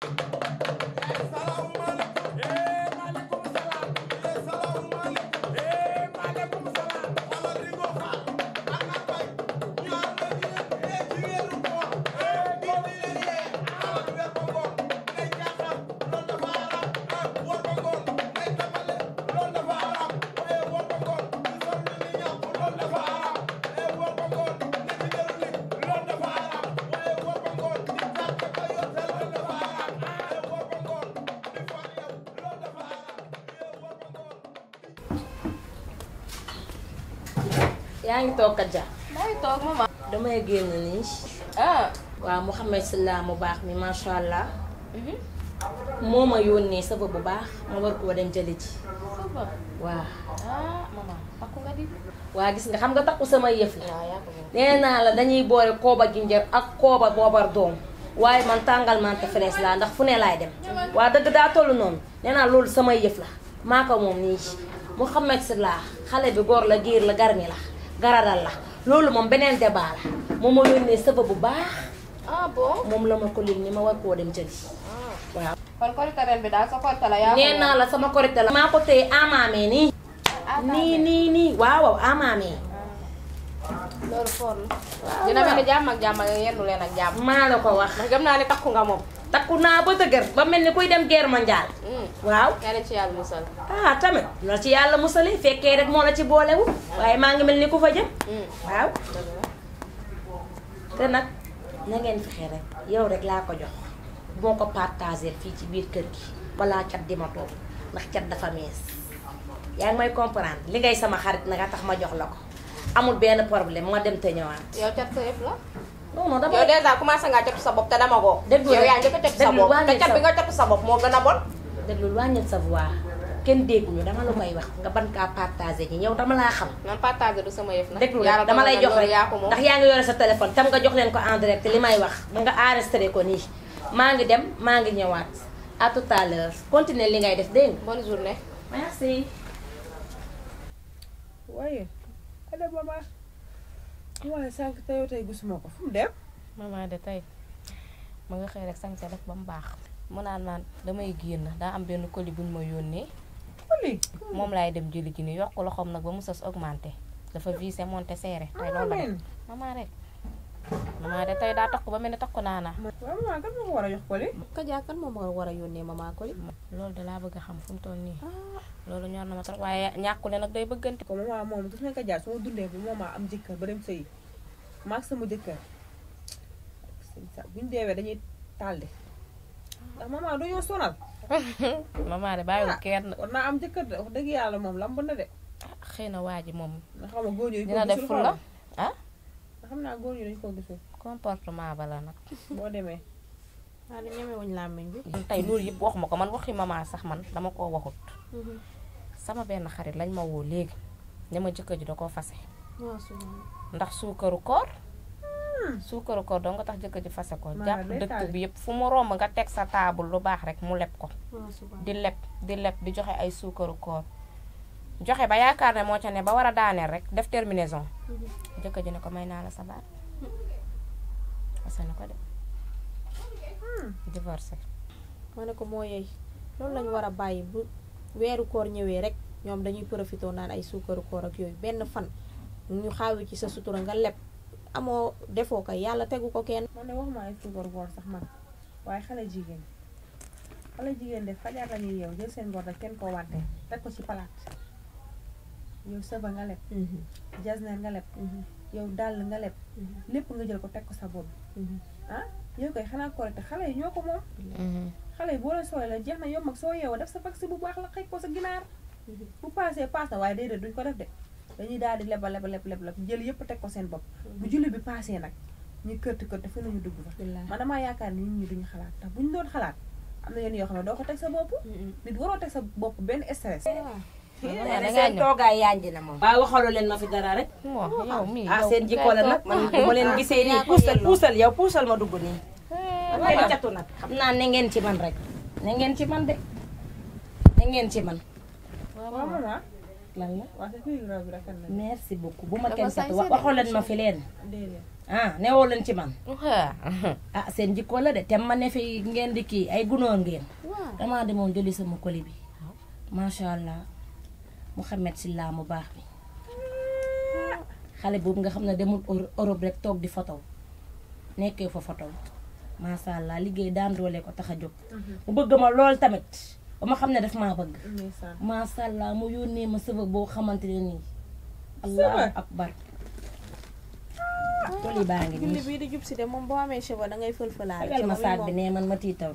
Thank you yaa ngi toog Kadja. maa damay génn nii. ah. waaw Mouhamed Silla mu baax mi macha allah. Mhm. moo ma yónnee sabab bu baax ma war koo dem jëli ji. sabab ah, waa gis nga xam nga takku sama yëf la. Ah, nee naa la dañuy boole kooba ginjar ak kooba boobar doom. waaye man tàngal mante laa ndax fu ne laay dem. waa dëgg daa toll noonu. nee naa loolu sama yëf la. maa ko moom nii Mouhamed Silla xale bi góor la géer la garmi la. garadal la lolou mom benen débat la moom ma yónnee sëba bu baax. ah bon mom la ma ko lim ni ma war ko dem jël ah. waaw. kon korite ren bi da sa ko tala ya ko. nee la sama korite la. maa ko téye amaamee ni nii nii nii waaw waaw amaamee. Ah. loolu fort dina mel jam ak jam ak yendu len ak jam maa la ko wax. gam na ni takku nga mom takku naa ba dëgër ba mel ni kuy dem guerre mondiale. Mm. waaw yàlla ci yàlla musal. ah tamit na ci yàlla musalee fekkee rek moo la ci boolewu waaye maa ngi mel ni ku fa jëm. Mm. waaw. te nag na ngeen fexe rek yow rek laa ko jox boo ko partagé fii ci biir kër gi balaa cat di ma toog ndax cat dafa mees yaa ngi may comprendre li ngay sama xarit nag a tax ma jox la ko amul benn problème ma dem te ñëwaat. cat sa la. non non dama yow dèjà commencé ngaa jot sa bopp te dama ko. déglu yow nga jot sa a bon. déglul wàññil sa dama la koy laa xam. man partagé du sama yëf nag. déglu dama lay jox rek ndax yaa ngi yore sa téléphone tam nga jox leen ko en direct li may wax nga enregistré ko nii maa ngi dem maa ngi ñëwaat à tout à l'heure li ngay def dégg nga. bonne journée. merci. waaye. waaye sànq tey tey gisuma ko fu mu dem. maman tey ma nga xëy rek sànq rek ba mu baax. mu naan naan damay génn daa am benn colis buñ ma moom laay dem jëli ji nii yokk loxoom nag ba mu sës augmenté dafa visé monté serré. tey de maman rek. maman de daa takk ba mel ne takku naanaa. waaw maman kan moo ko war a jox colis. ka jaa kan ma war a yónnee maman colis. loolu de laa bëgg a xam fu mu toll nii. Ah. loolu ñor na ma trop waaye ñàkku ne nag day bëggante ko maman moom daf naka jaar su ma dundee bu maman am jëkkër ba dem sëy maag sama jëkkër buñ deewee dañuy tàlli ndax maman dañoo sonal maman de bàyyiwul ah, kenn war naa am jëkkër de dëgg yàlla moom lamb na de ah, xëy na waa ji moom nga xam góor dina def ah? xam naa góor ñi dañ ko gisul comportement ba la nag boo demee waa di ñemewuñ làmmiñ bi tey loolu yëpp waxuma ko man waxi maman sax man dama koo waxut mhm. sama ben xarit lañ ma wo leg ne ma jëkë ji da ko fase ndax suukaru koor hmm. suukaru koor do nga tax jëkë ji fase ko japp dëkk bi yëpp fu mu romb nga tek sa table lu baax rek mu lepp ko di lepp di lepp di joxe ay suukaru koor joxe ba yaakaar ne moo ca ne ba war a rek def terminaison mhm. jëkkër ji ne ko may naa la sa baat ko de hmm. divorcé ma ne ko moo yey loolu lañu war bu weeru koor ñëwee rek ñoom dañuy profité naan ay suukaru koor ak yooyu benn fan ñu xaawi ci sa sutura nga leb amoo defoo ko yàlla tegu ko kenn. man de waxuma ay sax man waaye xale jigéen xale jigéen de fajar la ñuy yeew seen bor rek kenn ko wante teg ko ci palaat yow sëba nga leb. Mhm. jasner nga leb. Mhm. yow dàll nga leb. Mhm. lépp nga jël ko teg ko sa bopp. ah yow koy xanaa korite xale yi ñoo ko moom. xale yi boo la sooy la jeex na yomb ak soo yeewoo def sa vaccin bu baax la xëy ko sa ginaar bu paasee paas na waaye déedéet duñ ko def de dañuy daal di lebal lebal lebal jël yëpp teg ko seen bopp bu julli bi paasee nag ñu kërti kërti fu nañu dugg fa man damaa yaakaar ni nit ñi duñu xalaat bu ñu doon am na yenn yoo xam ne doo ko teg sa bopp nit waroo teg sa bopp benn stress ah. Ah, seen toogaay yanji na moom waaw waxaloo leen ma fi dara rek ah seen jikko la nag man bu ma leen gisee nii puusal ngeen catu nag xam naa ne ngeen ci man rek ne ngeen ci man de ne ngeen ci man lan la merci beaucoup bu ma kenn catu wax waxoo leen ma fi leen ah newoo leen ci man ah seen jikkoo la de te ma ne fi ngeen di kii ay gunóor ngeen damaa demoon jëli sama colis bi macha allah Muhammad Silla mu baax bi xale boobu nga xam ne demul Europe rek toog di photo nekkee fa photo macha allah liggéey daan doole ko tax a jóg. Mhm. mu bëgg ma lool tamit ba ma xam ne daf maa bëgg. macha allah mu yónnee ma sëba boo xamante ne nii. allah akbar ah, toli baa ngi nii bii di jub si de moom boo amee cheveux da ngay fël ma saag bi man ma tiitaw.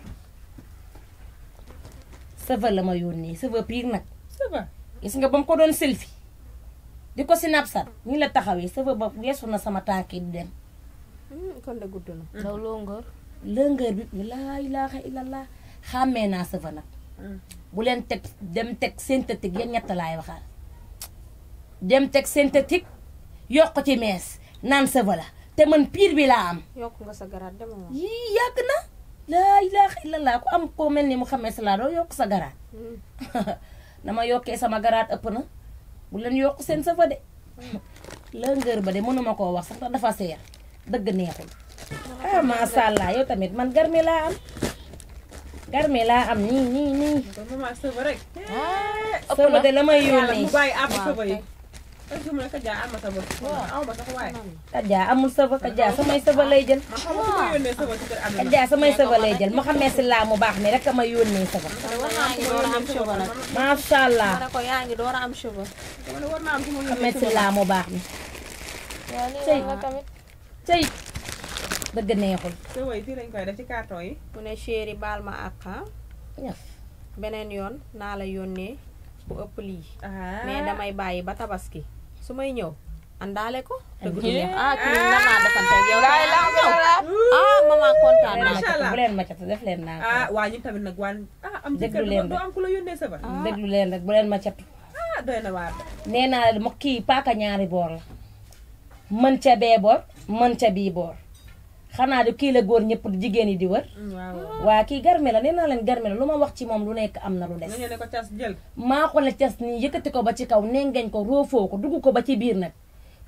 sëba la ma yónnee sëba pire nag. sëba gis nga ba mu ko doon selfie. di ko sinapsat ni la taxawee sëba ba weesu na sama tànk di dem. Hmm, de ndaw loo ngor. longueur bi laa ilaaha illallah xàmmee naa sëfa nag mm. bu leen teg dem teg synthétique yéen ñett laay waxaal dem teg synthétique yokk ci mees naan sëfa la te man piir bi laa am yokk nga sa garaat demoo yii yàgg na laa ilaaha illallah ku am koo mel ni mu xamee sa laa doo yokk sa garaat dama mm. yokkee sama garaat ëpp na bu leen yokk seen sëfa de mm. longueur ba de mënuma koo wax sax dafa seer dëgg neexul ah macha allah yow tamit man garmi laa am garmi laa am nii nii nii. ah sëba de la may yónnee kajaa amul sëba kajaa samay sëba lay jël. kajaa samay sëba lay jël ma xamee si laa mu baax ni rek a may yónnee sëba. macha allah. xamee si laa mu baax ni cey cey. dëgg neexul. sa yi. mu ne chéri baal ma àq ah. beneen yoon naa la yónnee bu ëpp lii. Ah. mais damay bàyyi ba tabaski su may ñëw àndaale ko. dëgg neex leen def leen naa ah, waa ñun tamit nag waan. ah leen rek am ku la ah. leen rek bu leen ma catu. ah naa la ma kii paaka ñaari boor la. mën ce bee boor mën ca bii xanaa du kii la góor ñëpp jigéen yi di wër. waa kii garmi la nee naa leen garmi la lu ma wax ci moom lu nekk am na lu des. maa ko la cas nii yëkkati ko ba ci kaw nengeñ ko roofoo ko dugg ko ba ci biir nag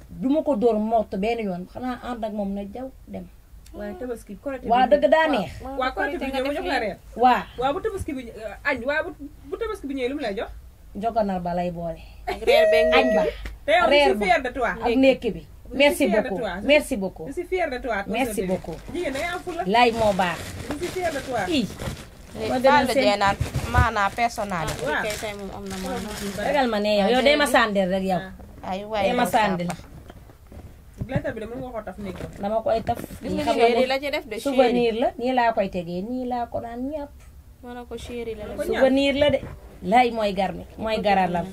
du ma ko dóor mort benn yoon xanaa ànd ak moom na jaw dem. waaw tabaski korite waaw dëgg daa neex. waaw korite bi ñëw la reer. waaw waaw bu tabaski bi añ waaw bu tabaski bi ñëwee lu ba lay boole. reer beeg ak nekk bi. merci beaucoup merci beaucoup merci beaucoup lay moo baax i maanaa personnalité ah, ragal ma ne yow yow day ma sàndeel rek yow day ah. ma sàndeel dama koy taf gis nga chéri la ci def de souvenir la nii laa koy tegee nii laa ko naan ñàpp ma ne ko chéri la souvenir la de lay mooy garmi mooy garalam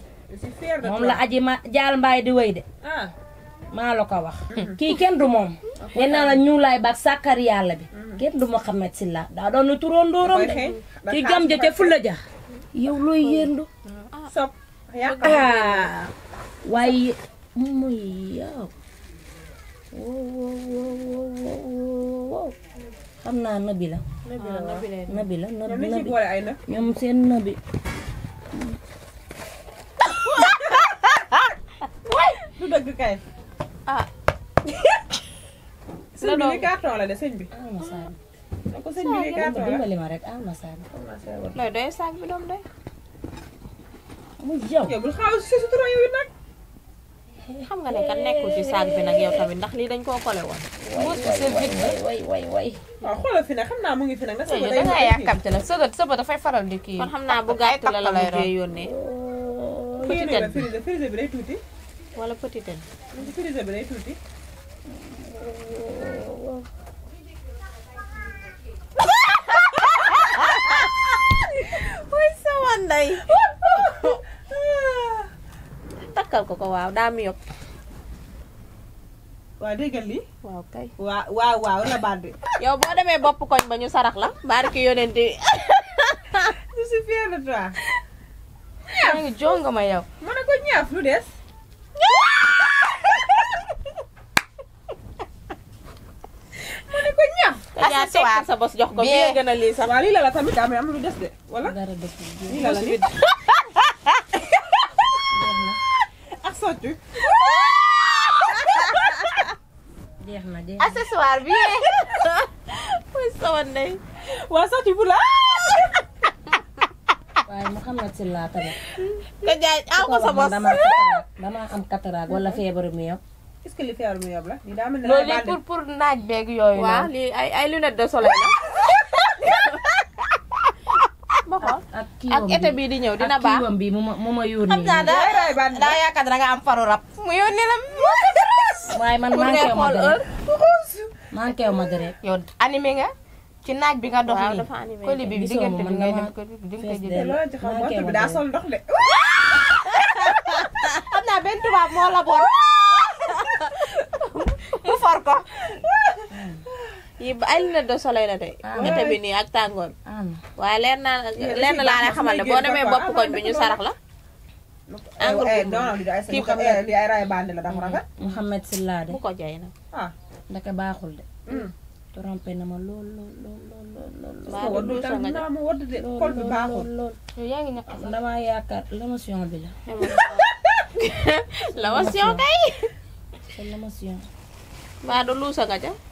moom la aji ma jaal mbaay di wéy de ah. maa la ko wax. kii kenn du moom. nee naa la sàkkar yàlla bi. Mhm. kenn du Mouhamed Sylla daa doon turoon dóoram de. ci gam ja ca fulla ja yow looy yëndu. Ah. sob ah. waaye muy yow. xam naa nabi la. nabi la ah, nabi la ñoom seen nabi. bi li carton de bi. ah ma saag. donc sëñ bi li carton la dimbali ma rek ah ma saag. looy doy saag bi doom doy. xam nga ne kat nekkul ci saag bi nag yow tamit ndax lii dañ koo kole woon. waay waay waay waay waaw xoolal fi nag xam naa mu ngi fi nag. sëñ bi da ngaa yàkkamti nag dafay faral di kii. kon xam naa bu gàtt la la mujjee yónnee. petit ten bi frise bi day tuuti. wala petit ten. bi day tuuti. わんない tất cả wow, Wow, dia gali. Wow, kay. Wow, wow, wow, la bandi. Yo, bo demé bop koñ ba ñu lah, la. Barki yonenti. Tu si fier de toi. Ya ngi yaa tekki sa bos jox ko a lii ak sotti. jeex na jeex na accessoire waa sotti bu la. waaye Mouhamed Sylla tamit. nga jaay aw ko sa bos. damaa am cataracte wala feebaru mi yow. est-ce que li fi mu yob la. pour pour naaj beeg yooyu. waaw lii ay ay lunettes de soleil la. ma ak été bii di ñëw dina baax bii mu ma mu ma da am faru rab. mu la. waaye man manqué wu ma deret manqué wu nga. ci naaj bi nga dox nii. waaw dafa animé ko bi di nga ko jëlee. manqué ma deret daa sol ndox naa benn tubaab moo la for ko yi ba ay lunettes de soleil ah. la tey. ñette bi nii ak tàngoor. Ah. waaye leer naa leer na laa lay xamal ne boo demee bopp koñ bi ñu sarax la. engrais kii ko li ay ray bande la dafa rafet. Mm-hmm. Mouhamed Silla de bu ko jaay nag. ah ndeke baaxul de. Mm. trompé na ma lool lool lool lool lool. waaw du sax nga ma wadd de kol bi baaxul lool yaa ngi ñàkk sax damaa yaakaar l'émotion bi la. l'émotion kay. c'est l'émotion. mbaa du luusa nga